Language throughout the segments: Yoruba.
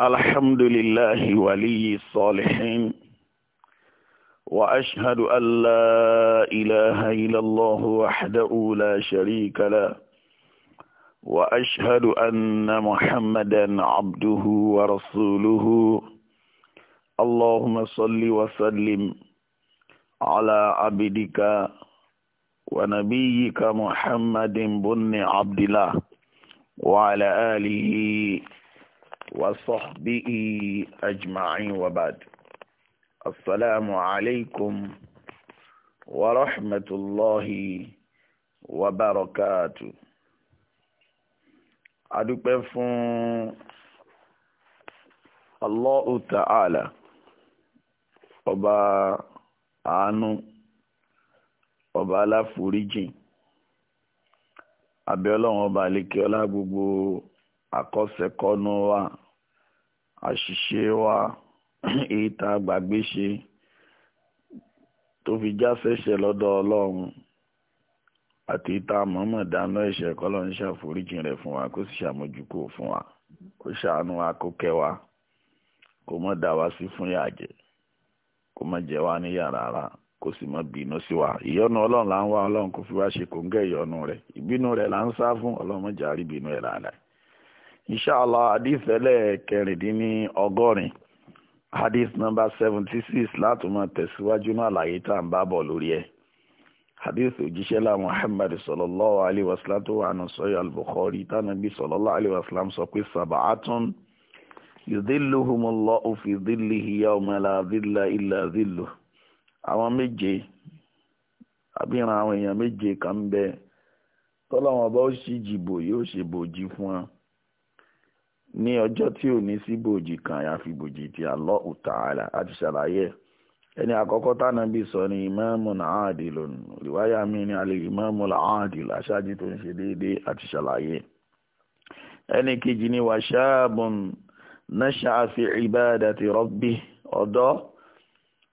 الحمد لله ولي الصالحين وأشهد أن لا إله إلا الله وحده لا شريك له وأشهد أن محمدا عبده ورسوله اللهم صل وسلم على عبدك ونبيك محمد بن عبد الله وعلى آله وصحبه أجمعين وبعد السلام عليكم ورحمة الله وبركاته adúpẹ́ fún Allahu Ta'ala ọba àánú ọba aláforíjìn abẹ́ ọlọ́run ọba àlékè ọlá gbogbo àkọsẹ̀kọ́nú wa àṣìṣe wa èyí tá a gbàgbé ṣe tó fi já ṣẹ̀ṣẹ̀ lọ́dọ̀ ọlọ́run àti tá a mọ̀ọ́mọ̀ dáná ẹ̀ṣẹ̀ kọ́lọ́run ṣàforíjìn rẹ̀ fún wa kó sì ṣàmójúkò fún wa kó ṣàánú wa kó kẹ́ wa kó má dá wa sí fún yàjẹ kó má jẹ wá níyà rárá kó sì má bínú sí wa ìyọ́nú ọlọ́run là ń wá ọlọ́run kó fi wá ṣe kòńgẹ́ ìyọ́nú rẹ̀ ìbínú rẹ̀ là ń sá fún ọlọ́run má jàrí bínú ẹ̀ láàlàyé inṣàlá hadith ẹlẹ́ẹ̀kẹrìndínní ọgọ́rin hadith number seventy six láti máa tẹ̀síwájú náà àlàyé tá à ń bá bọ̀ lórí ẹ̀ hadith òjíṣẹ́ la muhammad sallallahu alayhi wa sallam tó wà nù sọ́yọ́ al-bukhari tánàbí sallallahu alayhi wa sallam sọ pé sab'atun yudhilluhumullahu fi dhillihi yawma la dhilla illa dhilluh àwọn méje àbíran àwọn èèyàn méje kan bẹ tọ́lọ́wọ́n bá ó ṣì jìbò yóò ṣe bòjì fún wọn ní ọjọ́ tí ò ní sí bòjì kan àyàfi bòjì ti Allah Ta'ala àti ṣàlàyé ẹni àkọ́kọ́ tánàbí sọ ni imamun adilun rìwáyà mi ni alẹ́ imamul adil aṣáájú tó ń ṣe déédéé àti ṣàlàyé ẹni kejì ni wa shabun nasha'a fi ibadati ọ̀dọ́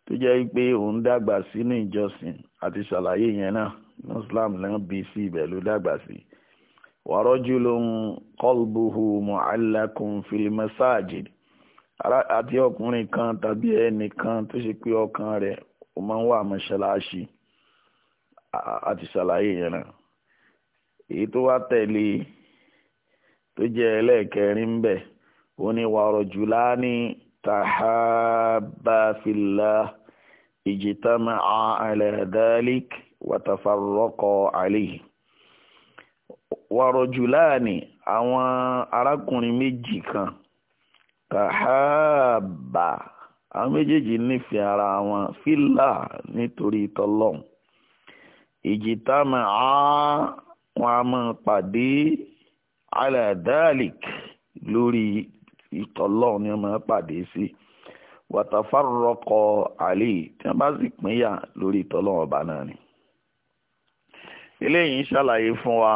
tó jẹ́ pé òun dàgbà sínú ìjọsìn àti ṣàlàyé yẹn náà muslim náà bí sí ibẹ̀ dàgbà sí i wàrọ́júlò ń kọlbùhù mọ̀álàkùn fìlímẹ́sáàjì àti ọkùnrin kan tàbí n'ikan tó ṣe pé ọkàn rẹ̀ ó máa ń wà mọ́ṣáláṣí àti ṣàlàyé yẹn èyí tó wá tẹ̀lé tó jẹ́ ẹlẹ́ẹ̀kẹrin bẹ̀ ó ní wàrọ̀jùlá ní tàhábàfìlà ìjìtàmà àlẹ́dálík wàtàfàrọ́kọ̀ àlẹ́yìí. wàrọ̀jùláàní àwọn arákùnrin méjì kan tàhábà àwọn méjèèjì nífẹ̀ẹ́ ara wọn fílà nítorí tọlọ́hun ìjìtàmà á wọn a máa pàdé aladalik lórí ìtọlọ́hun ni wọ́n máa pàdé sí wàtàfàrọ̀kọ àlè tí wọ́n bá sì pínyà lórí ìtọlọ́hun ọba náà ni eléyìí ń ṣàlàyé fún wa.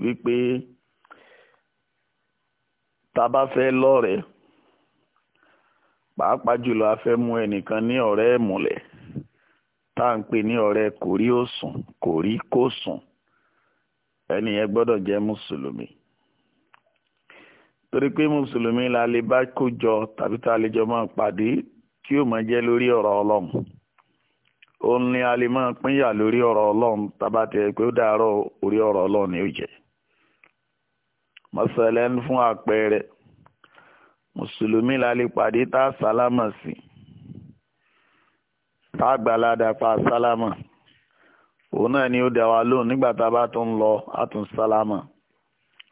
wípé tabafe a bá fẹ́ lọ́rẹ̀ẹ́ pàápàá jùlọ a ta mú ẹnìkan ní ọrẹ kori tá à ń pè ní ọ̀rẹ́ kò rí òsùn kò rí sùn yẹn mùsùlùmí torí pé mùsùlùmí la lè bá kójọ tàbí tá a lè jọ máa pàdé máa lórí òun ni a lè máa pínyà lórí ọ̀rọ̀ ọlọ́run pé ó orí ọrọ mọ́sálẹ́n fún àpẹẹrẹ mùsùlùmí la lè pàdé tá a sálámà sí tá a gbàládà pa sálámà òun náà ni ó dá wa lóhùn nígbà tá a bá tún lọ a tún sálámà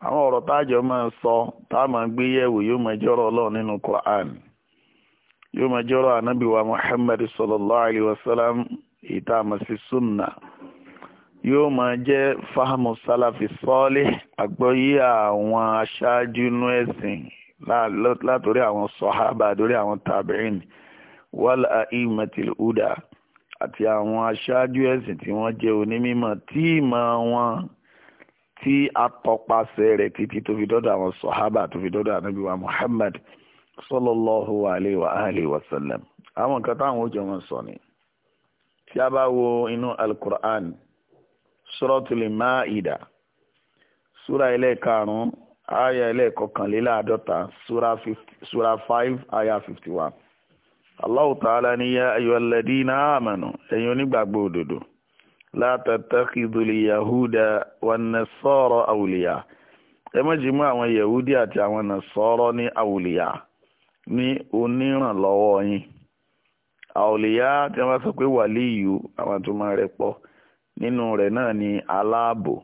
àwọn ọ̀rọ̀ tájọ máa ń sọ tá a máa gbé yẹ̀wò yóò máa jọ́rọ̀ ọlọ́run nínú Quran yóò máa jọ́rọ̀ anábìwá Muhammad sallallahu alayhi wa sallam ìta àmọ̀ sí sunna yóò máa jẹ́ fahamu salafi sọ́ọ́lì àgbọ́yé àwọn aṣáájú inú ẹ̀sìn látòrí àwọn sọ̀hábà dórí àwọn tàbíìn wàlá ìmọ̀tìlì húdà àti àwọn aṣáájú ẹ̀sìn tí wọ́n jẹ́ onímọ̀ tí ìmọ̀ wọn tí a rẹ̀ títí tó fi dọ́dọ̀ àwọn sọ̀hábà tó fi dọ́dọ̀ ànábì wa Muhammad sallallahu alayhi wa alihi wa sallam àwọn nǹkan táwọn ó jọ wọn sọ ni tí a bá wo inú alukur'an suratul Maida súra ẹlẹ́ẹ̀karùn-ún àyà ẹlẹ́ẹ̀kọkànléláàádọ́ta súra five àyà fifty one Allahu ta'ala ní yá ayyuhal ladina amanu ẹ̀yin onígbàgbọ́ òdodo la tattakhidul yahuda wan nasara ẹ mú àwọn yahudi àti àwọn ní ní onírànlọ́wọ́ yín tí wọ́n sọ pé wàlíyù nínú rẹ̀ náà ni aláàbò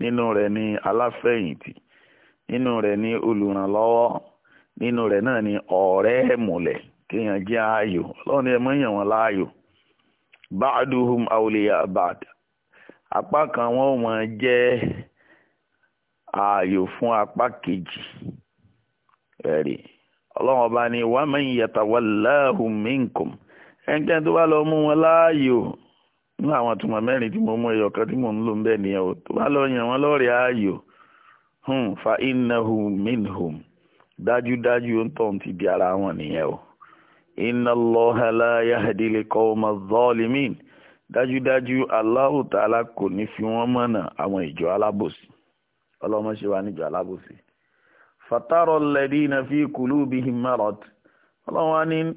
nínú rẹ̀ ni aláfẹ̀yìntì nínú rẹ̀ ni olùrànlọ́wọ́ nínú rẹ̀ náà ni ọ̀rẹ́ ẹ̀mùlẹ̀ kéèyàn jẹ́ ààyò ọlọ́run ni ẹ mọ́ yàn wọ́n láàyò ba'duhum awliya ba'd apá kan wọn ò mọ̀ jẹ́ ààyò fún apá kejì ẹ̀rí ọlọ́run ọba ni wa man yatawallahum minkum ẹnikẹ́ni tó bá lọ mú wọn láàyò nínú àwọn àtùmọ̀ mẹ́rin tí mo mú ẹyọ kan tí mò ń lò ń bẹ̀ nìyẹn o tó bá lọ yàn wọ́n lọ́ọ̀rẹ́ ààyò hmm, fa innahum minhum dájúdájú ó ń tọ̀ ti di ara wọn nìyẹn o inna Allaha la yahdi dájúdájú ní fi wọ́n mọ̀nà àwọn ìjọ alábòsí níjọ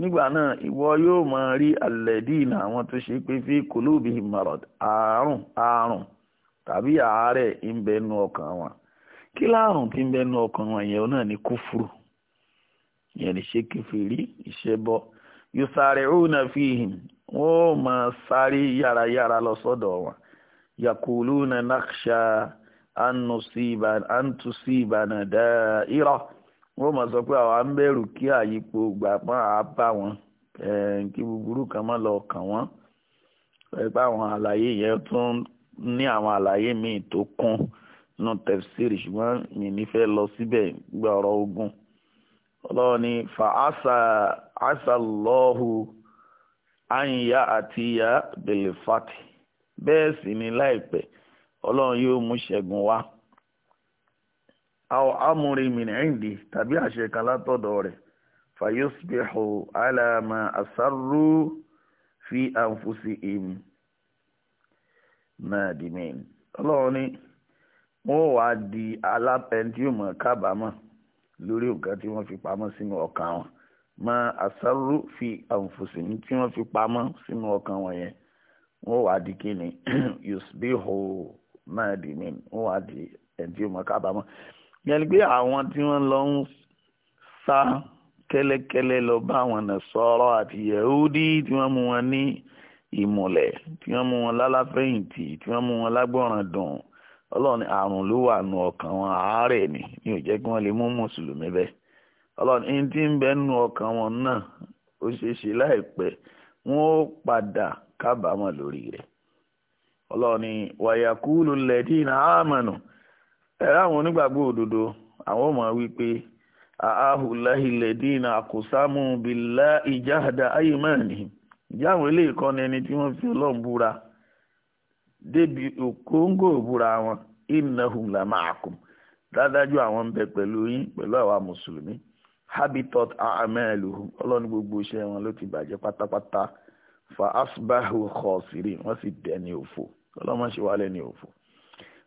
nígbà náà ìwọ yóò máa rí alẹ́dínà àwọn tó ṣe pé fi kòlóòbí marad àárùn àárùn tàbí àárẹ̀ ń ọkàn wọn kí láàrùn tí ń bẹ ọkàn wọn yẹn náà ni kúfúrú yẹn ṣe máa sáré yárayára lọ wọn wọ́n mọ̀ sọ pé àwa n bẹ̀rù kí àyípo gbà pọ́n àá wọn eh, kí búburú kan má lọ kàn wọ́n pẹ̀lú àwọn àlàyé yẹn tún ní àwọn àlàyé míì tó kún nù tẹ̀fsírì ṣùgbọ́n mi lọ síbẹ̀ gba ọ̀rọ̀ ogun ọlọ́run ni fa asa àyìnyá àti ìyá bẹ́ẹ̀ sì ni láìpẹ́ ọlọ́run aw amúrin mìnìndì tàbí àṣẹ kan látọ̀dọ̀ rẹ̀ fayusbihu ala ma asarru fi anfusihim nadimin ọlọ́run ni wọ́n wàá di alápẹ̀ntíùmọ̀ kábàámọ̀ lórí nǹkan tí wọ́n fi pamọ́ sínú ọkàn wọn ma asarru fi anfusihim tí wọ́n fi pamọ́ sínú ọkàn wọn yẹn wọ́n wàá di kíni yusbihu nadimin wọ́n wàá di ẹ̀ntíùmọ̀ kábàámọ̀. yẹni pé àwọn tí wọ́n lọ ń sá kẹ́lẹ́kẹ́lẹ́ lọ bá àwọn Nasara àti Yahudi tí wọ́n mú wọn ní ìmùlẹ̀ tí wọ́n mú wọn lálàfẹ̀yìntì tí wọ́n mú wọn lágbọ̀ràn dùn ọlọ́run ní àrùn ló wà nù ọkàn wọn àárẹ̀ ni ní ò jẹ́ kí wọ́n lè mú mùsùlùmí bẹ́ẹ̀ ọlọ́run ní tí ń bẹ nù ọkàn wọn náà ó ṣeé ṣe láìpẹ́ wọn ó padà kábàámọ̀ lórí rẹ̀ ọlọ́run wàyàkúlù lẹ́dí náà àmọ̀nù. ẹ̀rọ àwọn onígbàgbọ́ òdodo àwọn ọmọ wípé ahùláhi lẹ́dínà àkùsámù bìlá ìjáhàdá ayémáàní ìjà àwọn ilé ìkọ́ni ẹni tí wọ́n fi ọlọ́run búra débi òkóńgò búra wọn ìnáhùn làmà àkùm dádájú àwọn ń bẹ pẹ̀lú yín pẹ̀lú àwa mùsùlùmí habitat amẹ́lù ọlọ́run gbogbo iṣẹ́ wọn ló ti bàjẹ́ pátápátá fa asbahu khosirin wọ́n sì dẹni òfò ọlọ́run ṣe òfò.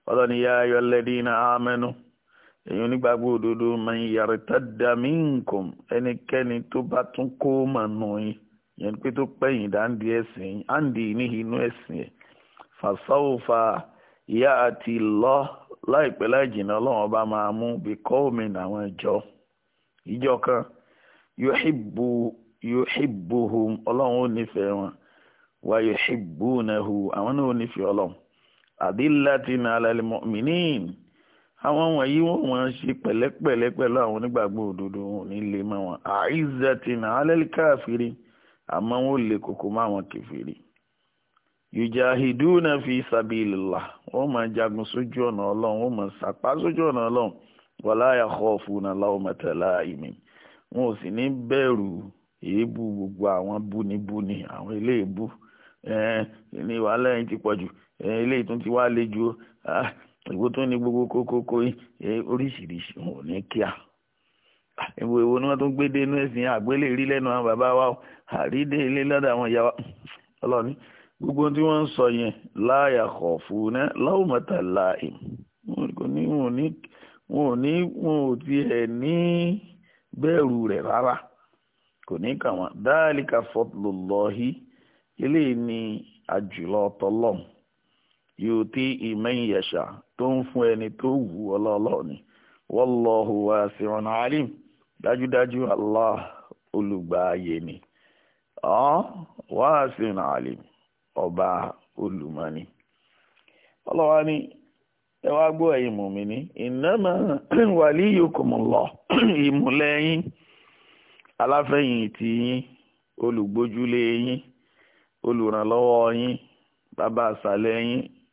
ọlọ́ni yá ayọ̀ lẹ́dínà amẹ́nu èyí onígbàgbọ́ òdodo man yartadda minkum ẹnikẹ́ni tó to tún kó mànú yín yẹn to tó pẹ̀yìn dáńdí ẹ̀sìn andi níhi inú ẹ̀sìn fa fasawfa ìyá àti lọ láìpẹ́ láì jìnnà ọlọ́run ọba ma mú bí kọ́ọ̀mì àwọn ìjọ ìjọ kan yuhibbu yuhibbuhum ọlọ́run ó nífẹ̀ẹ́ wọn wa yuhibbunahu àwọn náà ó nífẹ̀ẹ́ ọlọ́run adillatin alal mu'minin àwọn wọ̀nyí wọ́n wọ́n ṣe pẹ̀lẹ́pẹ̀lẹ́ pẹ̀lú àwọn onígbàgbọ́ òdodo wọn ní lè mọ́ wọn àìzẹ̀tìn alal káfírí àmọ́ wọn ò lè kókó mọ́ àwọn kẹfìrí. yujahiduna fi sabilillah wọ́n máa jagun sójú ọ̀nà ọlọ́run wọ́n máa sàpá sójú ọ̀nà ọlọ́run wala yakhafuna lawmata la'imin wọn ò sì ní bẹ̀rù èébú gbogbo àwọn búnibúni àwọn ilé èébú ẹ̀ẹ́n ní wàhálà yẹn ti pọ̀jù ilé ìtún ti wá le ju ìwò tó ní gbogbo kókókó oríṣiríṣi wọn ò ní kíá ìwò ìwò ni wọ́n tún gbé dé inú ẹ̀sìn àgbélé rí lẹ́nu àwọn bàbá wa àrídé ilé lọ́dọ̀ àwọn ìyá wa ọlọ́ni gbogbo tí wọ́n ń sọ yẹn láàyà kọ̀ fún un náà láwùmọ̀tà láàyè wọn ò ní wọn ò tiẹ̀ ní bẹ̀rù rẹ̀ rárá kò ní kà dáàlì ká fọ́tlọ́lọ́hí eléyìí ni àjùlọ tọlọ́mù yóò tí ìmẹ̀yìn yẹ̀ṣà tó ń fún ẹni tó wù ọlọ́ọ̀lọ́ ni wallahu wasi'un alim dájúdájú Allah olùgbààyè ni ọ́ wasi'un alim ọba olùmọ̀ni. ọlọ́wà ni ẹ wá gbọ́ ẹ̀yin mùmínì innama waliyukumullah ìmùlẹ̀ yín aláfẹ̀yìntì yín olùgbójúlé yín olùrànlọ́wọ́ yín bàbá àṣàlẹ̀ yín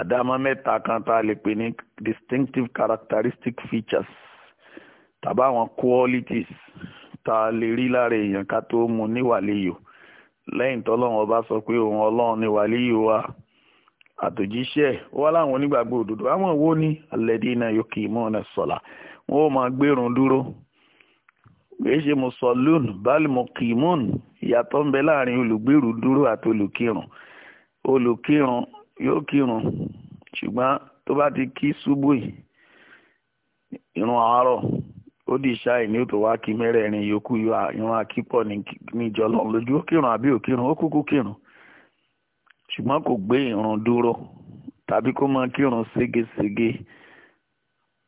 àdámọ́ mẹ́ta kan tá a lè pè ní distinctive characteristic features tàbá àwọn qualities tá a lè rí lára èèyàn ká tó mú ní wàlíyò lẹ́yìn tọ́lọ́run ọba sọ pé òun ọlọ́run ní wa àtòjíṣẹ́ wọ́n láwọn onígbàgbọ́ òdodo àwọn wo ni alẹ́dínà yòókì mọ́ọ̀nà sọ̀la wọ́n ó máa gbérun dúró kìí ṣe mùsọ̀lún báàlì mọ̀kìmọ́ọ̀nù ìyàtọ̀ ń bẹ láàrin olùgbèrú dúró àti olùkírun olùkírun yóò kírun ṣùgbọ́n tó bá ti kí ṣubú irun àárọ̀ ó di ṣáì ní òtò wá kí mẹ́rẹ̀ẹ̀rin yòókù irun pọ̀ níjọ lọ́n lójú ó kírun àbí ò kírun ó kúkú kírun ṣùgbọ́n kò gbé irun dúró tàbí kó máa kírun ségesège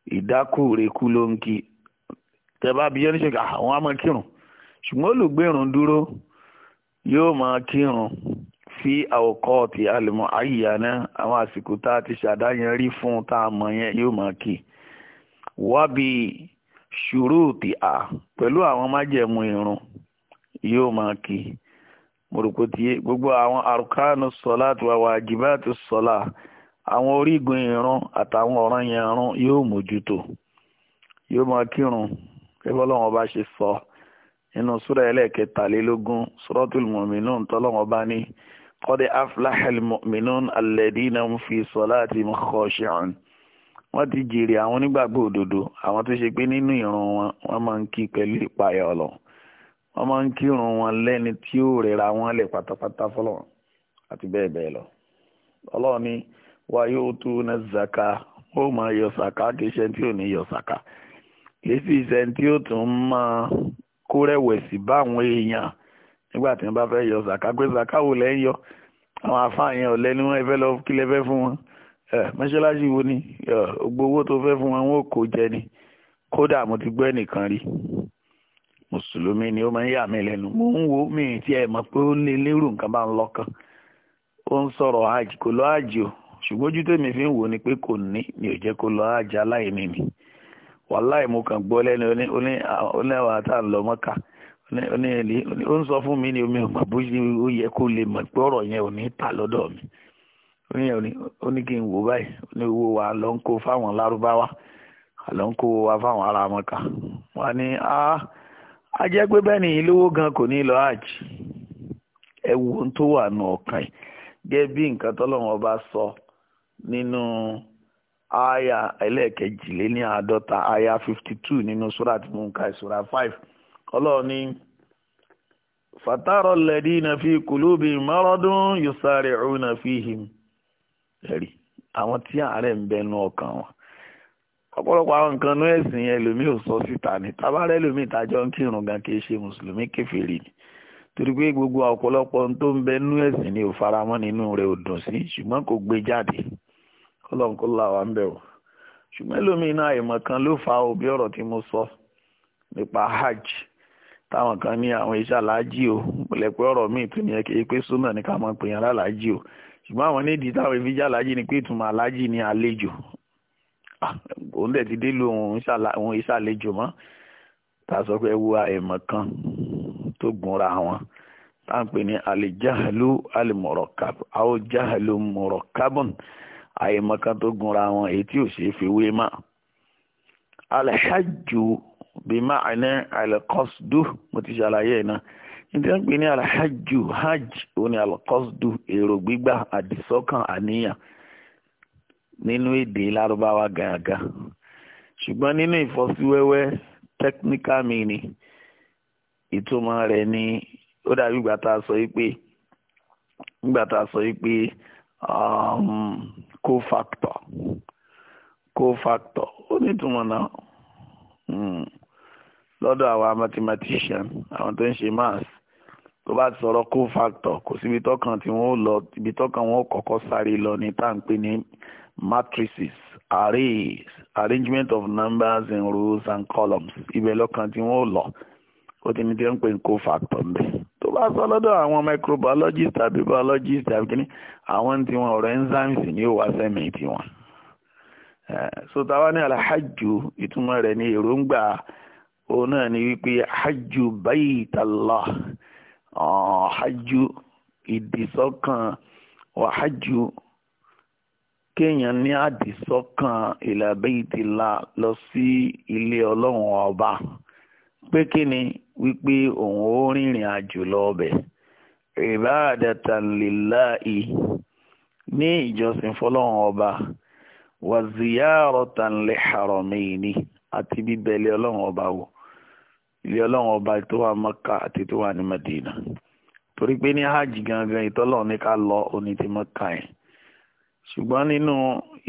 ló ń kí bí yẹn àwọn ah, kírun ṣùgbọ́n olùgbé irun dúró yóò máa kírun fi àwòkọ́ọ̀tì àlùmọ́ àyíyàná àwọn àsìkò tá a ti ṣàdáyẹn rí fún tá a mọ̀ yẹn yóò máa kì wábi ṣùrùtì à pẹ̀lú àwọn májẹ̀mú irun yóò máa kì mo rò pé tiye gbogbo àwọn àrùkánu sọlá àti wàwà àjìbá àti sọlá àwọn orígun irun àtàwọn ọ̀ràn yẹn irun yóò mójútó yóò máa kírun kẹ́fọ́ lọ́wọ́n bá ṣe sọ nínú súrà ẹlẹ́ẹ̀kẹtàlélógún súratul mu'minun tọ́lọ́wọ́n bá قد aflaha المؤمنون الذين alladhina hum fi salatihim khashi'un wọ́n ti jèrè àwọn onígbàgbọ́ òdodo àwọn tó ṣe pé nínú ìrun wọn wọ́n máa ń kí pẹ̀lú ìpayà ọlọ wọ́n máa ń kírun wọn lẹ́ni tí ó rẹra wọn lẹ̀ pátápátá fọlọ àti bẹ́ẹ̀ bẹ́ẹ̀ lọ Ọlọ́run ni wa yu'tuna zaka ó máa yọ sàká kì í ṣe tí ò ní yọ sàká kì í sì ṣe tí ó tún máa kó bá àwọn èèyàn nígbà tí wọ́n bá fẹ́ yọ zaka pé zaka wò lẹ́ ń yọ àwọn afáàyàn ọ̀lẹ́ ni wọ́n fẹ́ lọ kílẹ̀ fẹ́ fún wọn mọ́ṣáláṣí wo ni gbogbo owó tó fẹ́ fún wọn wọn ò kó jẹ ni kódà mo ti gbọ́ ẹnìkan rí mùsùlùmí ni ó máa ń yà mí lẹ́nu mo ń wo mi tí ẹ mọ̀ pé ó lè lérò nǹkan bá ń lọ́kàn ó ń sọ̀rọ̀ àjì kò lọ àjì o ṣùgbọ́n ojú tèmi fi ń wò ni pé kò ní mi ò jẹ́ kó lọ àjì aláìní ni wàláì mo kàn gbọ́ lẹ́nu oní àwọn ó ń sọ fún mi ní omi ọgbà bó ṣe ó yẹ kó lè mọ̀ pé yẹn ò ní ta lọ́dọ̀ mi ó ní kí n wò báyìí ó ní owó wa ló fáwọn lárúbáwá ń kó wa fáwọn ará ní a jẹ́ pé bẹ́ẹ̀ ni ìlówó gan kò ní lọ àjì ohun tó wà nù sọ nínú aya àádọ́ta aya fifty two nínú tí five. ọlọ́ọ̀ni fatara alladina fi kulubi ẹ̀rí àwọn tí ń bẹnu ọkàn wọn ọ̀pọ̀lọpọ̀ àwọn nǹkan ẹ̀sìn ò sọ síta ni tabarẹ́ lómi ìtajọ́ ń kírun gan kì í ṣe mùsùlùmí ni torí pé gbogbo ọ̀pọ̀lọpọ̀ ohun tó ń bẹ nú ẹ̀sìn ni ò faramọ́ nínú rẹ̀ ò dùn sí ṣùgbọ́n kò gbé jáde kọ́lọ́nkọ́lá wa ń kan ló fa òbí ọ̀rọ̀ tí sọ nípa hajj táwọn kan ní àwọn iṣẹ́ aláàjì o pẹ̀lẹ́pẹ́ ọ̀rọ̀ míì tó ní ẹ̀kẹ́ pé súnà ní ká máa pè yàn lálàájì o ṣùgbọ́n àwọn nídìí táwọn ibi jẹ́ aláàjì ni pé ìtumọ̀ aláàjì ni àlejò òun dẹ̀ ti dé lu òun iṣẹ́ àlejò mọ́ tá a sọ pé wo àìmọ̀ kan tó gbúnra wọn tá à ń pè ní àlejàlú àlèmọ̀rọ̀kab àwòjàlú mọ̀rọ̀kábọ̀n àìmọ̀ kan tó gbúnra wọn èyí tí ò ṣeé fi wé mọ́ bi ma a na-alọkọstu motisala ya ina ndị na-agbini ala hajju hajji o ni alọkọstu ero gbigba a di ninu ede larubawa wa gaya gaya sugbon ninu ifo si wee mini ituma re ni o da bi gbata sọ ipi gbata so ipi cofactor cofactor o nitu mana na lọ́dọ̀ àwa mathematician àwọn tó ń ṣe maths tó bá sọ̀rọ̀ cofactor kò síbi tọ́kàn tí wọ́n lọ ibi tọ́kàn wọn kọ́kọ́ sáré lọ ní tá ní matrices arrays arrangement of numbers and rows and columns ibẹ̀ lọ́kàn tí wọ́n lọ ó ti ní tí wọ́n pè ní cofactor ń bẹ̀ tó bá sọ lọ́dọ̀ àwọn microbiologist àbí biologist àbí kíní àwọn tí wọn ọ̀rọ̀ enzymes ní ó wá sẹ́mi tiwọn. so táwa ní alhajju ìtumọ̀ rẹ̀ ní èròǹgbà òun náà ni wípé hajju baitallah ah, hajju ìdìsọ́kàn wà hajju kéèyàn ní àdìsọ́kàn ila baitillah lọ sí ilé ọlọ́run ọba pé kí ni wípé òun ó rìnrìn àjò lọ ọbẹ̀ ibadatan lillahi ní ìjọsìn fọlọ́run ọba wa ziyaratan li haramaini àti bíbẹ̀lẹ̀ ọlọ́run ọba wò ilé ọlọ́run ọba tó wà mọ́kà àti tó wà ní Madina torí pé ní hajj gangan ìtọ́lọ́run ní ká lọ oní ti mọ́kà yẹn ṣùgbọ́n nínú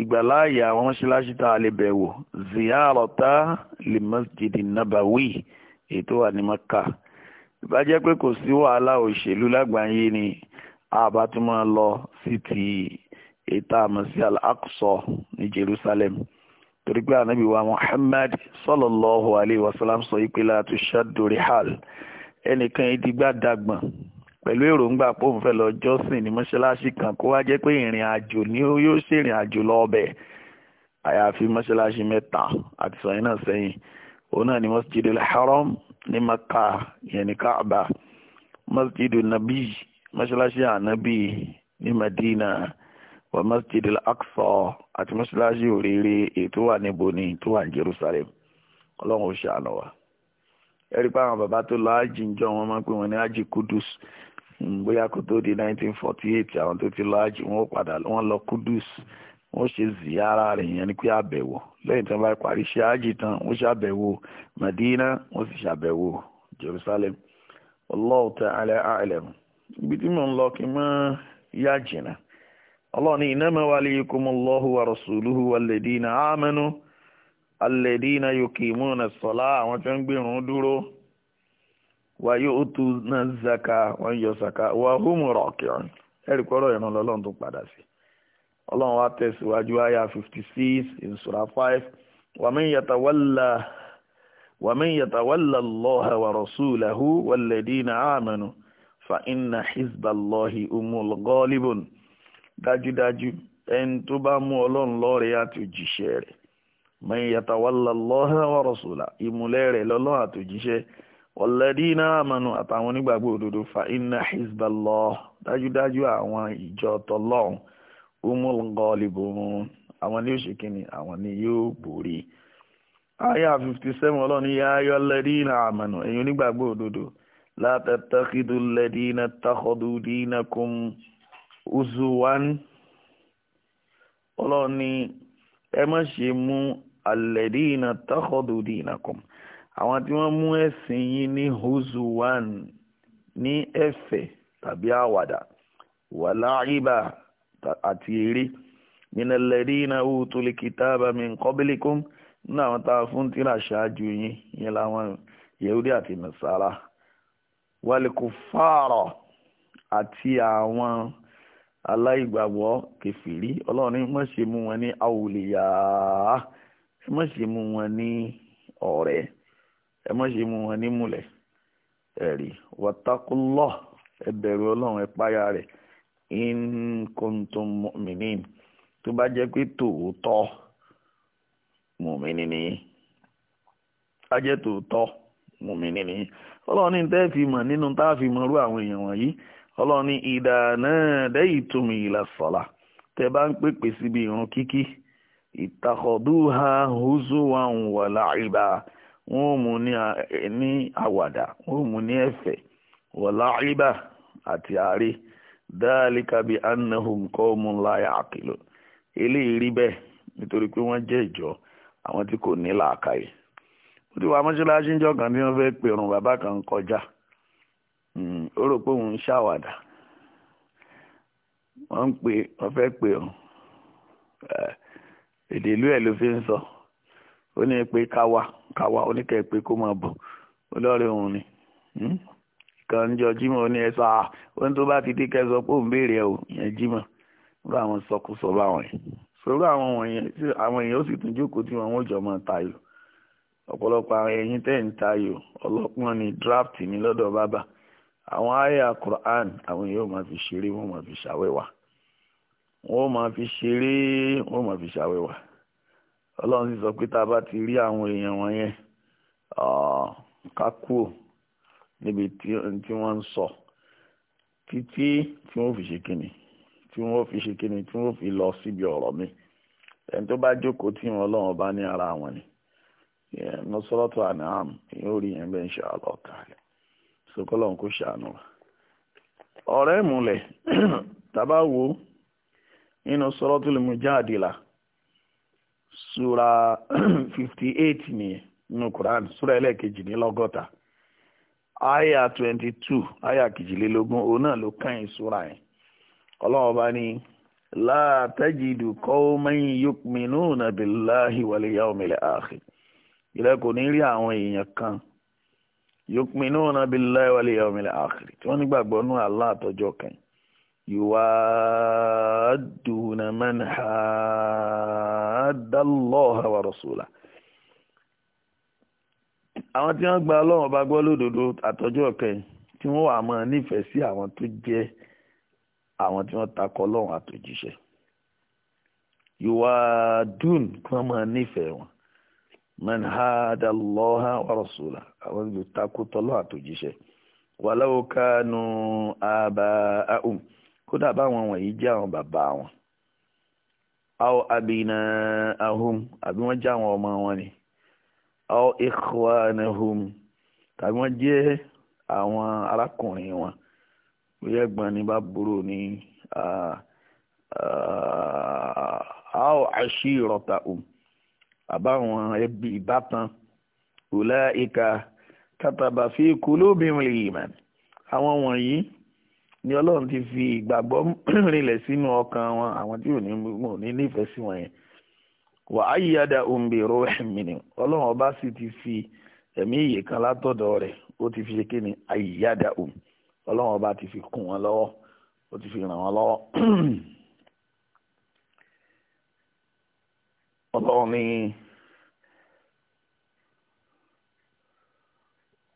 ìgbàláàyè àwọn mọ́ṣáláṣí tá a lè bẹ̀wò ziyarata li masjid nabawi èyí tó wà ní mọ́kà ìbájẹ́ pé kò sí wàhálà òṣèlú lágbàáyé ni àbá tún máa lọ sí ti èyí tá a mọ̀ sí ní Jerusalem torí pé ànábì wa Muhammad sallallahu alayhi wa sallam sọ pé la tushaddu rihal ẹnìkan ìdígbà dàgbọ̀n pẹ̀lú èròǹgbà pòun fẹ́ lọ jọ́sìn ní mọ́ṣáláṣí kan kó wá jẹ́ pé ìrìn àjò ni ó yóò ṣèrìn àjò lọ ọbẹ̀ àyàfi mọ́ṣáláṣí mẹ́ta àti sọ̀yìn náà sẹ́yìn òun náà ni masjidul haram ní maka yẹn ní kaaba masjidul nabi mọ́ṣáláṣí ànábì ní madina wa masjid al-aqsa àti mọ́ṣáláṣí òrèrè ètò wà níbo ni tó wà ní jerusalem ọlọ́run ó ṣàánú wa ẹ̀rí pé àwọn bàbá tó lọ ájì ń jọ wọn máa ń pè wọn ní ájì kudus hmm, bóyá kó tó di 1948 àwọn tó ti lọ ájì wọn ó padà wọn lọ kudus wọn ṣe ziyara rẹ̀ yẹn ni pé àbẹ̀wò lẹ́yìn tí wọ́n bá parí ṣe ájì tán wọ́n ṣàbẹ̀wò madina wọ́n sì ṣàbẹ̀wò jerusalem wallahu ta'ala a'lam ibi tí mò ń lọ kí n máa yá jìnnà ọlọ́ni innama waliyukumullahu wa rasuluhu walladina amanu alladina yuqimuna as-sala àwọn tí wọ́n ń gbèrún dúró wa yu'tuna zaka wọ́n yọ zaka wa hum raki'un ẹ̀rí pọ́rọ̀ ìran lọ́lọ́run tó padà sí ọlọ́run wa tẹ̀síwájú àyà fifty six in sura five wa man yatawalla wa man yatawalla Allaha fa inna hizballahi humul ghalibun dájúdájú ẹni tó bá mú ọlọ́run lọ́rẹ̀ àti òjíṣẹ́ rẹ̀ man yatawalla Allaha wa rasula ìmúlẹ̀ rẹ̀ lọ́lọ́run àti òjíṣẹ́ walladina amanu àtàwọn onígbàgbọ́ òdodo fa inna hizballah dájúdájú àwọn ìjọ tọlọ́run umul ghalibun àwọn ní òṣèké ni àwọn ni yóò borí. aya fifty seven ọlọ́run ya ayyuhal ladina amanu ẹ̀yin onígbàgbọ́ òdodo la tattakhidul ladina takhadu dinakum uzuwan ọlọ́run ni ẹ má ṣe mú alẹ́dínà tọ́kọ̀dọ̀dínà kọ́m àwọn tí wọ́n mú ẹ̀sìn yín ní uzuwan ní ẹ̀fẹ̀ tàbí àwàdà wàláìbà àti eré min alẹ́dínà utul kitaba min qablikum nínú àwọn tá a fún tíra ṣáájú yín yín láwọn yehudi àti nasara wal kufara àti àwọn aláìgbàgbọ́ kẹfìrí ọlọ́run ní má ṣe mú wọn ní awùlíyà ẹ má ṣe mú wọn ní ọ̀rẹ́ ẹ má ṣe mú wọn ní múlẹ̀ ẹ̀rí wàtàkùlọ̀ ẹ bẹ̀rù ọlọ́run ẹ páyà rẹ̀ in mu'minin tó bá jẹ́ pé tòótọ́ mùmíní ni á jẹ́ tòótọ́ mùmíní ni ọlọ́run ní tẹ́ fi mọ̀ nínú tá a fi mọ̀ rú àwọn èèyàn wọ̀nyí ọlọ́run ní ìdá náà dẹ́yìí tómi ìlà sọ́la tẹ́ bá ń pèpè síbi ìrun kíkí ìtàkọ̀dúhà húzúwà ń wà láìbá wọn ò mú ní àwàdà wọn ò mú ní ẹ̀fẹ̀ wà láìbá àti àárẹ̀ dáàlíkà bí anahum qawmun la ya'qilun eléyìí rí bẹ́ẹ̀ nítorí pé wọ́n jẹ́ ìjọ àwọn tí kò ní làákàyè ó ti wà mọ́ṣáláṣí ń jọ kàn tí wọ́n fẹ́ pèrún bàbá kan kọjá. Hmm, ó rò pé òun ń ṣàwàdà wọ́n ń pè wọ́n fẹ́ pè ọ́ eh, èdè ìlú ẹ̀ ló fi ń sọ ó ní pé káwa káwa ó pé kó máa bọ̀ ó òun ni hmm? kan ń jọ jímọ̀ ní ẹ sọ ah, ohun tó bá ti dé kẹ́ pé òun béèrè ẹ ò yẹn jímọ̀ ló àwọn sọkúsọ báwọn yẹn sọ̀rọ̀ àwọn wọ̀nyẹn àwọn èèyàn ó sì tún jókòó tí wọn ó jọ máa tayò ọ̀pọ̀lọpọ̀ àwọn ẹ̀yin tẹ́ ń tayò ọlọ́pọ́n ni draft ni lọ́dọ̀ bàbá àwọn àyà Quran àwọn yóò máa fi ṣeré wọ́n máa fi ṣàwẹ́wà wọ́n máa fi ṣeré wọ́n máa fi ṣàwẹ́wà ọlọ́run sì sọ pé tá a bá ti rí àwọn èèyàn wọ̀nyẹn ká kúrò níbi tí wọ́n ń sọ títí tí wọ́n fi ṣe kíni tí wọ́n fi ṣe kíni tí wọ́n fi lọ síbi ọ̀rọ̀ mi ẹni tó bá jókòó tí wọn ọlọ́run bá ní ara wọn ni nọ́sọ́rọ́tò àná àmì yóò rí yẹn bẹ́ẹ̀ insha Allah ta'ala sọkọlọ́n kò ṣàánú wa ọ̀rẹ́ ìmùlẹ̀ tàbá wo nínú Suratul Mujadila sura fifty eight nìyẹn nínú Quran sura ẹlẹ́ẹ̀kejìlélọ́gọ́ta aya twenty two aya kejìlélógún òun náà ló kàn yín sura yẹn ọlọ́wọ́n bá ní la tajidu qawman yu'minuna billahi wal yawmil akhir ìrẹ́kùn ní rí àwọn èèyàn kan yu'minuna billahi wal yawmil akhir tí wọ́n nígbàgbọ́ nú Allah àtọ́jọ́ kan yuwadduna man hadda Allaha wa rasulahu àwọn tí wọ́n gba ọlọ́run bá gbọ́ lódodo àtọ́jọ́ kan tí wọ́n wà máa nífẹ̀ẹ́ sí àwọn tó jẹ́ àwọn tí wọ́n takọ ọlọ́run àtòjíṣẹ́ yuwaddun kí wọ́n máa nífẹ̀ẹ́ wọn man hadda Allaha wa àwọn olùtakò tọ́lọ́ àtòjíṣẹ́ walau kanu aba'ahum kódà báwọn wọ̀nyí jẹ́ àwọn bàbá wọn aw abina'ahum àbí wọ́n jẹ́ àwọn ọmọ wọn ni aw ikhwanahum tàbí wọ́n jẹ́ àwọn arákùnrin wọn bóyá ẹ̀gbọ́n ni bàbúrò ni aw ashirotahum àbáwọn ẹbí ìbátan. ulaika kataba fi kulubihim iman awon wọ̀nyí ni ọlọ́run ti fi ìgbàgbọ́ rinlẹ̀ sínú ọkàn wọn àwọn tí ò ní ni ní nífẹ̀ẹ́ won wọn wa wà á yíyáda òǹbèrò ẹ̀mìnì ọlọ́run ọba si ti fi emi iye kan latodo re o ti fi ṣe kí ni àyíyáda òun ọlọ́run ọba ti fi kun won lowo o ti fi ràn won lowo ọlọ́run ni.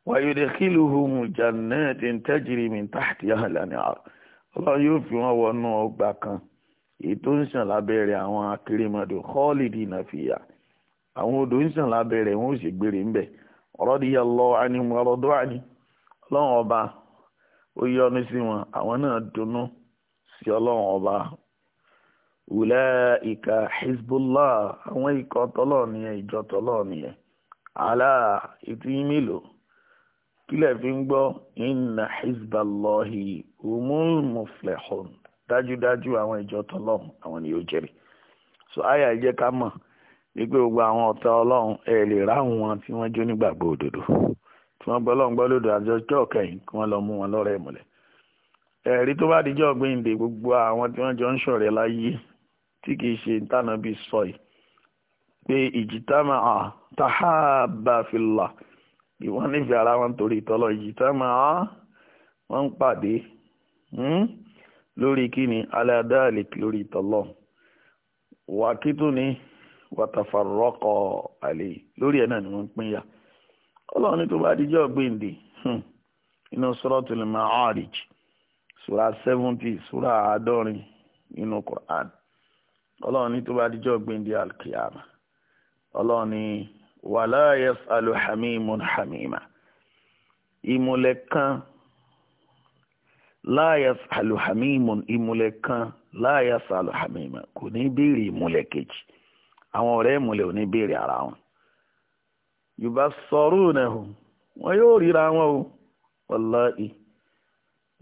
wàyọ̀dẹ̀kìlùhùn jannati tajri min tahtiha al-anhar ọlọ́run yóò fi wọ́n wọnú ọgbà kan èyí tó ń sàn lábẹ́rẹ̀ àwọn akérèmọdò khalidina fiha àwọn wọn ò sì gbére ńbẹ̀ radiyallahu anhum wa radu anhu ọlọ́run ọba ó yọ́nú àwọn náà kílẹ̀ fi ń gbọ́ inna hizballahi umul muflihun dájúdájú àwọn ìjọ tọlọ́hun àwọn ni yóò jẹ́rìí so àyà ìjẹ́ ká mọ̀ wípé gbogbo àwọn ọ̀tá ọlọ́run ẹ lè ráhùn wọn tí wọ́n jó nígbàgbọ́ òdodo tí wọ́n gbọ́ lọ́n gbọ́ lódò àjọjọ́ kẹyìn kí wọ́n lọ mú wọn lọ́rẹ́ ìmọ́lẹ̀ ẹ̀rí tó bá dijọ́ gbẹ̀ǹde gbogbo àwọn tí wọ́n jọ ń ṣọ̀rẹ́ láyé tí kìí ṣe ìtànà bíi sọ yìí pé ìjìtàmà tahaba ìwọ́n nífẹ̀ẹ́ ara wọn torí ìtọ́lọ yìí tá máa wọ́n ń pàdé hmm? lórí kíni aláàdáàlìk lórí ìtọ́lọ wà kí tún ni wàtàfàrọ́kọ̀ àlè lórí ẹ̀ náà ni wọ́n ń pín yà ọlọ́run ní tó bá dijọ́ gbèǹdè hmm, inú suratul Ma'arij sura seventy sura àádọ́rin inú Qur'an ọlọ́run ní tó bá dijọ́ gbèǹdè alkiyama ọlọ́run ní. wàlá laayas hamimun hamima ìmùlẹ̀ kan la yasalu hamimun ìmùlẹ̀ kan la yasalu hamima kò ní béèrè ìmùlẹ̀ kejì àwọn ọ̀rẹ́ ìmùlẹ̀ ò ní béèrè ara wọn yubasorunahum wọn yóò ríra wọn o wallahi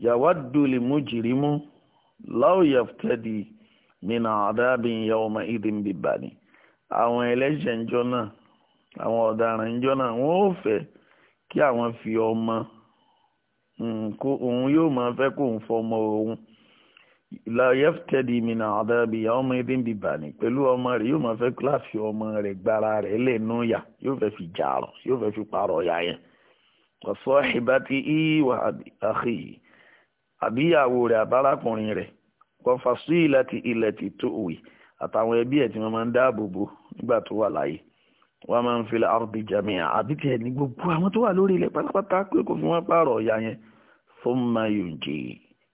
yawaddu lil mujrimu law yaftadi min adabin yawma idin bibani àwọn ẹlẹ́ṣẹ̀ ń jọ náà àwọn ọ̀daràn ìjọ náà wọ́n ò fẹ́ kí àwọn fi ọmọ hmm, òun yóò máa fẹ́ kó òun fọmọ òun láyẹ́fẹ́tẹ́dì mìíràn àdábì ọmọ ẹdín bìbà ní ọmọ rẹ̀ yóò máa fẹ́ ọmọ rẹ̀ gbára rẹ̀ lẹ́nu yà yóò fẹ́ fi jàrọ̀ yóò fẹ́ fi parọ̀ yà yẹn ọ̀sọ́ ìbátí àbíyàwó rẹ̀ rẹ̀ ilẹ̀ ti tó àtàwọn ẹbí ẹ̀ tí wọ́n máa ń wa man fil ardi jami'a àbí tiẹ̀ ní gbogbo àwọn tó wà lórí ilẹ̀ pátápátá pé kò fi wọ́n pààrọ̀ ọ̀yà yẹn thumma yunji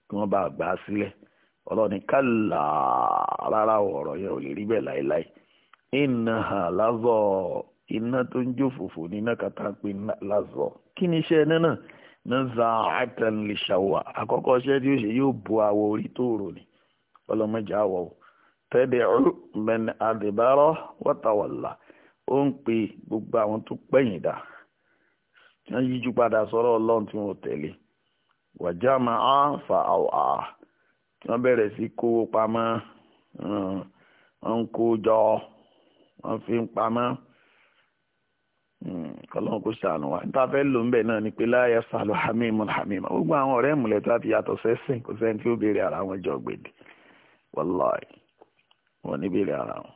kí wọ́n bá gbà á sílẹ̀ ọlọ́ni kálá rárá ọ̀rọ̀ yẹn ò lè rí bẹ́ẹ̀ láéláé innaha lazọ iná tó ń jó fòfò kàtà pé lazọ kí ni iṣẹ́ iná náà naza atan lè ṣàwà àkọ́kọ́ iṣẹ́ tí ó ṣe yóò bu awọ orí tó rò ní ọlọ́mọdé àwọ̀ tẹ́lẹ̀ ọ̀rọ̀ ó ń pe gbogbo àwọn tó pẹ̀yìn dà tí wọ́n yíjú padà sọ̀rọ̀ ọlọ́run tí wọ́n tẹ̀lé wàjá máa ń fa àwà tí wọ́n bẹ̀rẹ̀ sí kówó pamọ́ wọ́n ń kó jọ wọ́n fi ń pamọ́ hmm, kọlọ́run kò ṣàánú wa níta fẹ́ lò ń bẹ̀ náà ni pé láyé sàlù hamimu hamimu gbogbo àwọn ọ̀rẹ́ ìmùlẹ̀ tó ti yàtọ̀ sẹ́sìn kò sẹ́ni tí ó béèrè ara wọn jọ gbèdè wọ́láì wọ́n ní béèrè ara wọn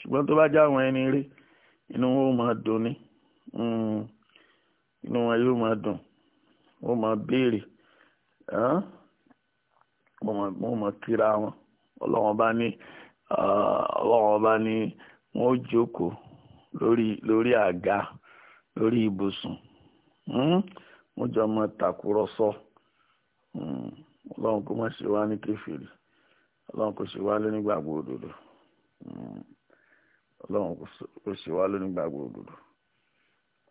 ṣùgbọ́n tó bá já àwọn ẹni rí inú wọn ó máa dùn ni hmm. inú wọn yóò máa dùn wọn máa béèrè wọn máa kíra wọn ọlọ́wọ́n bá ní ah, ọlọ́wọ́n bá ní wọn ó jókòó lórí lórí àga lórí ibùsùn hmm. wọn jọ máa tàkúrọ̀sọ hmm. ọlọ́run kó má ṣe wá ní kẹfìrí ọlọ́run kó ṣe wá lónígbàgbọ́ òdodo ọlọ́run kò ṣe wá lónìí gbàgbọ́ òdodo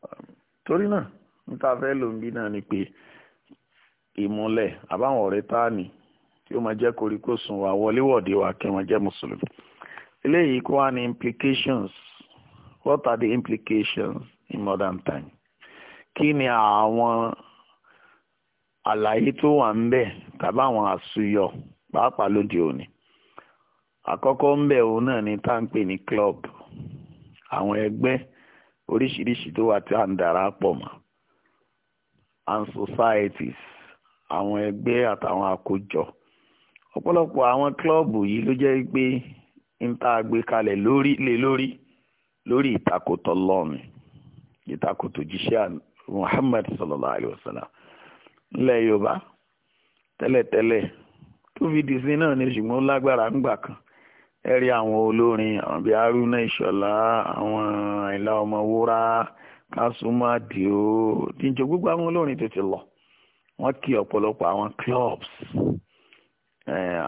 um, torí náà níta fẹ́ ló ń bí náà ni pé ìmúlẹ̀ àbáwọn ọ̀rẹ́ tá a ní kí ó máa jẹ́ koríko sùn wá wọléwọ̀de wa kí wọ́n jẹ́ mùsùlùmí eléyìí kó wá ní implications what are the implications in modern time kí ni àwọn àlàyé tó wà ń bẹ tàbí àwọn àsùyọ pàápàá lóde òní àkọ́kọ́ ń bẹ òun náà ni tá ní club àwọn ẹgbẹ́ oríṣiríṣi tó wà tí à ń darapọ̀ mọ́ and societies àwọn ẹgbẹ́ àtàwọn àkójọ ọ̀pọ̀lọpọ̀ àwọn kílọ̀bù yìí ló jẹ́ pé ń tá a gbé kalẹ̀ lórí lé lórí lórí ìtakòtò lọ́ọ̀nù ìtakòtò jíṣẹ́ Muhammad sallallahu alayhi wa sallam ńlẹ̀ Yorùbá tẹ́lẹ̀tẹ́lẹ̀ tó fi dì sí náà ni ṣùgbọ́n ó lágbára ńgbà kan ẹ rí àwọn olórin àwọn bíi haruna ìṣọ̀lá àwọn àìlá ọmọ wúrà kásùmá dìó díjọ gbogbo àwọn olórin tó ti lọ wọ́n kí ọ̀pọ̀lọpọ̀ àwọn clubs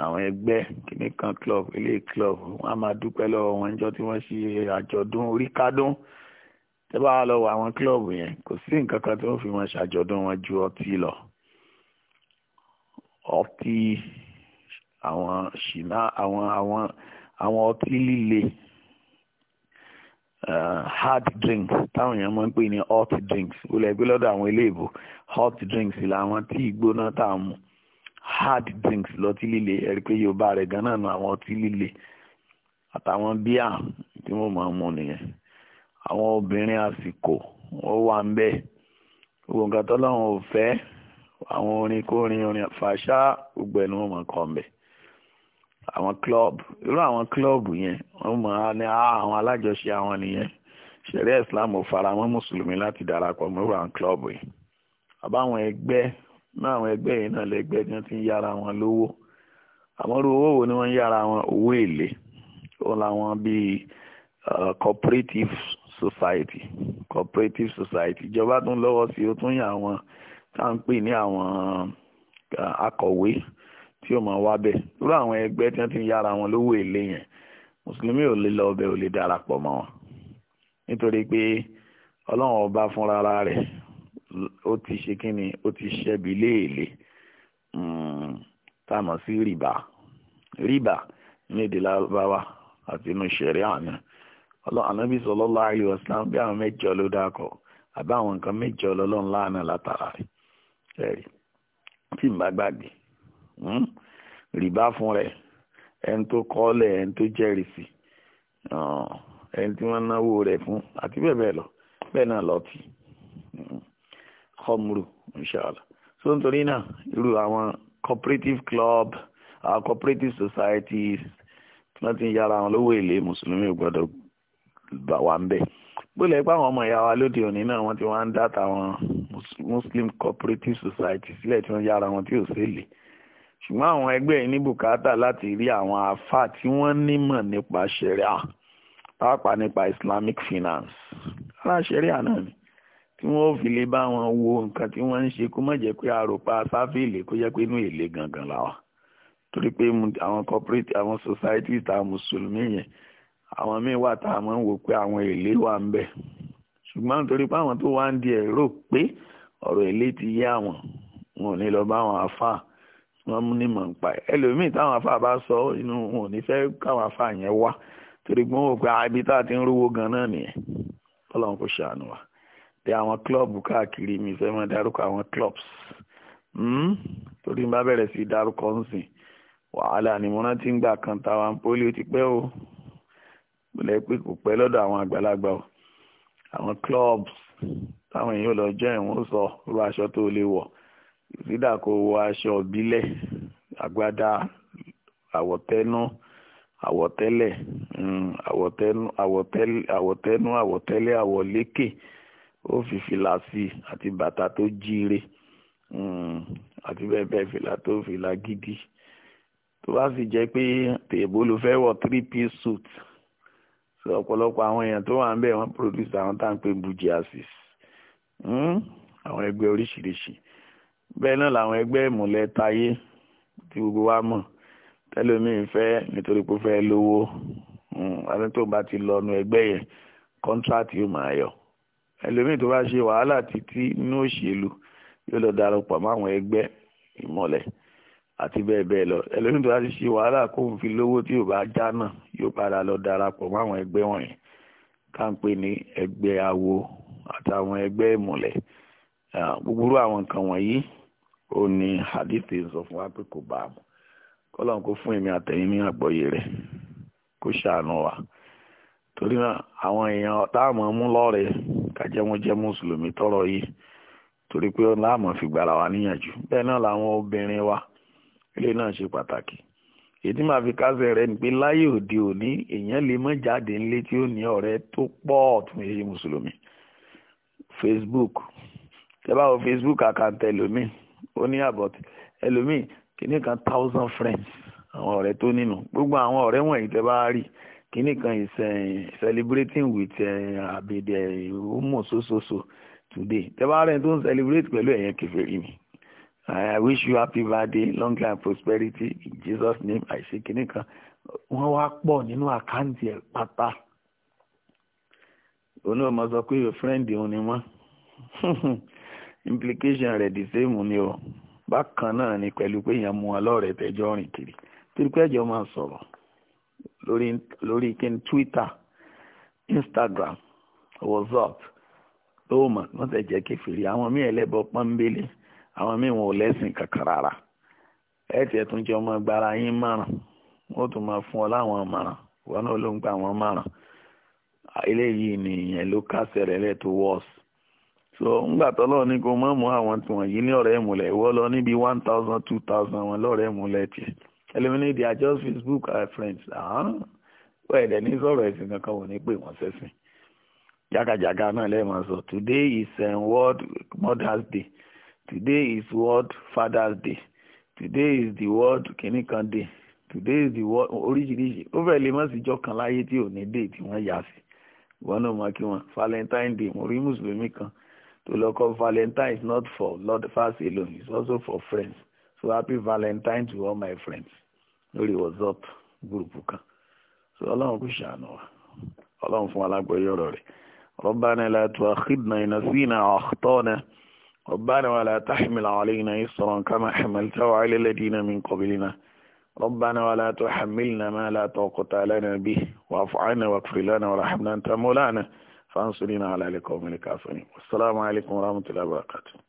àwọn ẹgbẹ́ kìíní kan club ilé club wọ́n á máa dúpẹ́ lọ́wọ́ wọn níjọ́ tí wọ́n ṣe àjọ̀dún orí kádùn tẹ́ wà lọ́wọ́ àwọn club yẹn kò sí nǹkan kan tí wọ́n fi wọn ṣàjọ̀dún wọn ju ọtí lọ ọtí àwọn ṣìnà àwọn àwọn àwọn ọtí líle uh, hard drinks táwọn èèyàn máa ń pè ní hot drinks olè gbé lọ́dọ̀ àwọn eléèbó hot drinks làwọn tí ìgbóná tá hard drinks lọtí líle ẹ̀rí pé yorùbá rẹ̀ ganan nu àwọn ọtí líle àtàwọn bíà tí wọ́n máa ń mu nìyẹn àwọn obìnrin àsìkò wọ́n wà ń bẹ́ẹ̀ gbogbo nǹkan tọ́lọ́run ò fẹ́ àwọn orin kórin orin fàṣà gbogbo ẹ̀ ni wọ́n máa kọ́ ń bẹ́ẹ̀ àwọn club irú àwọn club yẹn wọ́n mọ̀ á ní ah, àwọn alájọṣe àwọn nìyẹn ṣẹ̀ríà islam ò fara mọ́ mùsùlùmí láti darapọ̀ mọ́ irú àwọn club yìí àbáwọn ẹgbẹ́ náà àwọn ẹgbẹ́ yìí náà lẹ́gbẹ́ tí wọ́n ti ń yára wọn lówó àmọ́ irú owó wo ni wọ́n ń yára wọn owó èlé ó làwọn bíi eh, cooperative society cooperative society ìjọba tún lọ́wọ́ sí ó tún yàn àwọn tá à ń pè ní àwọn eh, akọ̀wé tí ó máa wá bẹ̀ irú àwọn ẹgbẹ́ tí wọ́n ti ń yára wọn lówó èlé yẹn mùsùlùmí ò lè lọ ọbẹ̀ ò lè darapọ̀ mọ́ wọn nítorí pé ọlọ́run ọba fúnra rẹ̀ ó ti ṣe kínni ó ti ṣẹ́bi léèlé hmm, tá a mọ̀ sí rìbá rìbá ní èdè lárúbáwá àti inú ṣẹ̀rí àná ọlọ́run anábì sallallahu alaihi bí àwọn mẹ́jọ ló dákọ̀ àbí àwọn nǹkan mẹ́jọ lọ́lọ́run láàánú látara rẹ̀ tí n bá gbàgbé Hmm? rìbá fún rẹ̀ ẹni tó kọ́lẹ̀ ẹni tó jẹ́rìsì ẹni tí wọ́n náwó rẹ̀ fún àti bẹ́ẹ̀ bẹ́ẹ̀ lọ bẹ́ẹ̀ náà lọ́tì hmm. khamru inshallah so nítorí náà irú àwọn cooperative club our cooperative societies tí wọ́n ti ń yára àwọn lówó èlé mùsùlùmí ò gbọ́dọ̀ bá wa ń bẹ̀ gbọ́dọ̀ pé àwọn ọmọ ìyá wa lóde òní náà wọ́n ti wá ń dá tàwọn muslim cooperative societies, sílẹ̀ tí wọ́n yára wọn tí ò sí èlé ṣùgbọ́n àwọn ẹgbẹ́ yìí ní bùkátà láti rí àwọn àáfàá tí wọ́n nímọ̀ nípa ṣẹ̀ríà pàápàá nípa islamic finance ara ṣẹ̀ríà náà ni tí wọ́n ò fi lè bá wọn wo nǹkan tí wọ́n ń ṣe kó má jẹ́ pé àròpá sáfìlì kó jẹ́ pé inú èlé gangan làwọn torí pé àwọn corporate àwọn societies tá a mùsùlùmí yẹn àwọn míì wà tá a máa ń wò pé àwọn èlé wà ń bẹ ṣùgbọ́n nítorí pé àwọn tó wá ń di ẹ̀ rò pé ọ̀rọ̀ èlé ti yé àwọn wọn ò ní lọ bá àwọn àáfàá wọ́n mú ní mọ̀ ń pa ẹ̀ ẹlòmíì táwọn afá bá sọ inú wọn ò ní fẹ́ káwọn afá yẹn wá torí gbọ́n wò pé ah, ibi tá a ti ń rówó gan-an nìyẹn ọlọ́run kò ṣàánú wa tẹ àwọn klọ́ọ̀bù káàkiri mi fẹ́ máa dárúkọ àwọn klọ́ọ̀bù hmm? torí n bá bẹ̀rẹ̀ sí dárúkọ ń sìn wàhálà ni mo rántí ń gbà kan táwọn pólí ti pẹ́ o gbọ́dọ̀ pé kò pẹ́ lọ́dọ̀ àwọn àgbàlagbà o àwọn klọ́ọ̀bù táwọn èèyàn lọ jẹ́ ìwọ̀n sọ irú aṣọ tó lè wọ̀ ìdá kó wọ aṣọ ìbílẹ̀ àgbádá àwọ̀tẹ́nu àwọ̀tẹ́lẹ̀ mm, àwọ̀tẹ́nu àwọ̀tẹ́nu àwọ̀tẹ́lẹ̀ àwọ̀lékè ó fi fìlà sí àti bàtà tó jíire mm, àti bẹ́ẹ̀ bẹ́ẹ̀ fìlà tó fìlà gidi tó bá sì jẹ́ pé tèèbó fẹ́ wọ̀ three piece suit so ọ̀pọ̀lọpọ̀ àwọn èèyàn tó wà ń bẹ̀ wọ́n produce àwọn tá à ń pè bujiasis mm, àwọn ẹgbẹ́ oríṣiríṣi bẹ́ẹ̀ náà làwọn ẹgbẹ́ ìmùlẹ̀ tayé tí gbogbo wa mọ̀ tẹ́lómìn fẹ́ nítorí pé ó fẹ́ lówó àti hmm, tó bá ti lọ nu ẹgbẹ́ yẹn kọ́ńtrátì yóò máa yọ ẹlòmíì tó bá ṣe wàhálà títí nínú òṣèlú yóò lọ darapọ̀ mọ́ àwọn ẹgbẹ́ ìmọ̀lẹ̀ àti bẹ́ẹ̀ bẹ́ẹ̀ lọ ẹlòmíì tó bá ti ṣe wàhálà kó n fi lówó tí yóò bá já náà yóò padà lọ darapọ̀ mọ́ àwọn ẹgbẹ́ wọ̀nyí ká ń pè ní ẹgbẹ́ awo àtàwọn ẹgbẹ́ ìmọ̀lẹ̀ ah, gbogbo àwọn nǹkan wọ̀nyí ó ní hadith sọ fún wa pé kò bá a mọ̀ kọ́lọ́n kó fún èmi àtẹ̀yìn ní àgbọ́yé rẹ̀ kó ṣàánú wa torí náà àwọn èèyàn táàmù mú lọ́rẹ̀ẹ́ kájẹ́ wọn jẹ́ mùsùlùmí tọrọ yìí torí pé láàmú fi gbàrà wa níyànjú bẹ́ẹ̀ náà làwọn obìnrin wa ilé náà ṣe pàtàkì èdè máa fi kásẹ̀ rẹ̀ ni pé láyé òde òní èèyàn lè mọ́ jáde nílé tí ó ní ọ̀rẹ́ tó pọ̀ tún èyí mùsùlùmí Facebook tẹ́ bá wo Facebook àkàǹtẹ̀ lómìn ó ní about ẹlòmíì kìíní kan thousand friends àwọn ọ̀rẹ́ tó nínú gbogbo àwọn ọ̀rẹ́ wọ̀nyí tẹ́ bá rí kìíní kan is eh, celebrating with eh, abidẹ homo sososo today tẹ́ bá rẹ̀ tó ń celebrate pẹ̀lú ẹ̀yẹn kèfèrí mi I wish you happy birthday long life prosperity in Jesus name I say kìíní kan wọ́n wá pọ̀ nínú àkáǹtì ẹ̀ pátá òun náà mo sọ pé your friend òun ni wọ́n implication rẹ̀ di same ni o bákan náà ni pẹ̀lú pé èèyàn mú wọn lọ́rẹ̀ẹ́ tẹjọ́ rìn kiri torí pé máa sọ̀rọ̀ lórí Twitter Instagram WhatsApp tó mọ̀ wọ́n tẹ̀ jẹ́ kẹfìrí àwọn míì ẹlẹ́bọ pọ́nbélé àwọn míì wọn ò lẹ́sìn kankan rárá ẹ tiẹ̀ tún jẹ́ ọmọ gbára yín márùn wọ́n tún máa fún ọ láwọn márùn wọn náà ló ń márùn eléyìí ló so ńgbà tọ́lọ́ ní kó mọ́ mú àwọn tí wọ̀nyí ní ọ̀rẹ́ ìmùlẹ̀ ìwọ lọ níbi one thousand two thousand wọn lọ́rẹ́ ìmùlẹ̀ tiẹ̀ eliminate their just facebook our uh, friends wọ́n ẹ̀dẹ̀ ní sọrọ ẹ̀sìn kankan wò ní pé wọ́n sẹ́sìn jákàjàká náà lẹ́ẹ̀mọ̀ sọ today is eh, world mother's day today is world father's day today is the world kìnnì kan day today is the world oríṣiríṣi ó fẹ́ lè mọ̀ síjọ́ kan láyé tí ò ní dé tí wọ́n yà sí wọn náà mọ̀ kí wọ́n valentine day mo rí mùsùlùmí kan So love Valentine is not for Lord lovers alone, it's also for friends. So happy Valentine to all my friends. Lórí WhatsApp gúrùpù kan. So ọlọ́run kò ṣàánú wa. Ọlọ́run fún alágbọ̀yọ̀ ọ̀rọ̀ rẹ̀. ربنا لا تؤاخذنا إن نسينا أو أخطأنا ربنا ولا تحمل علينا إصرا كما حملته على الذين من قبلنا ربنا ولا تحملنا ما لا طاقة لنا به واعف عنا واغفر لنا وارحمنا أنت مولانا fansurina ala alqawmil kafirin wasalaamu alaykum wa rahmatulahi wa barakatuh.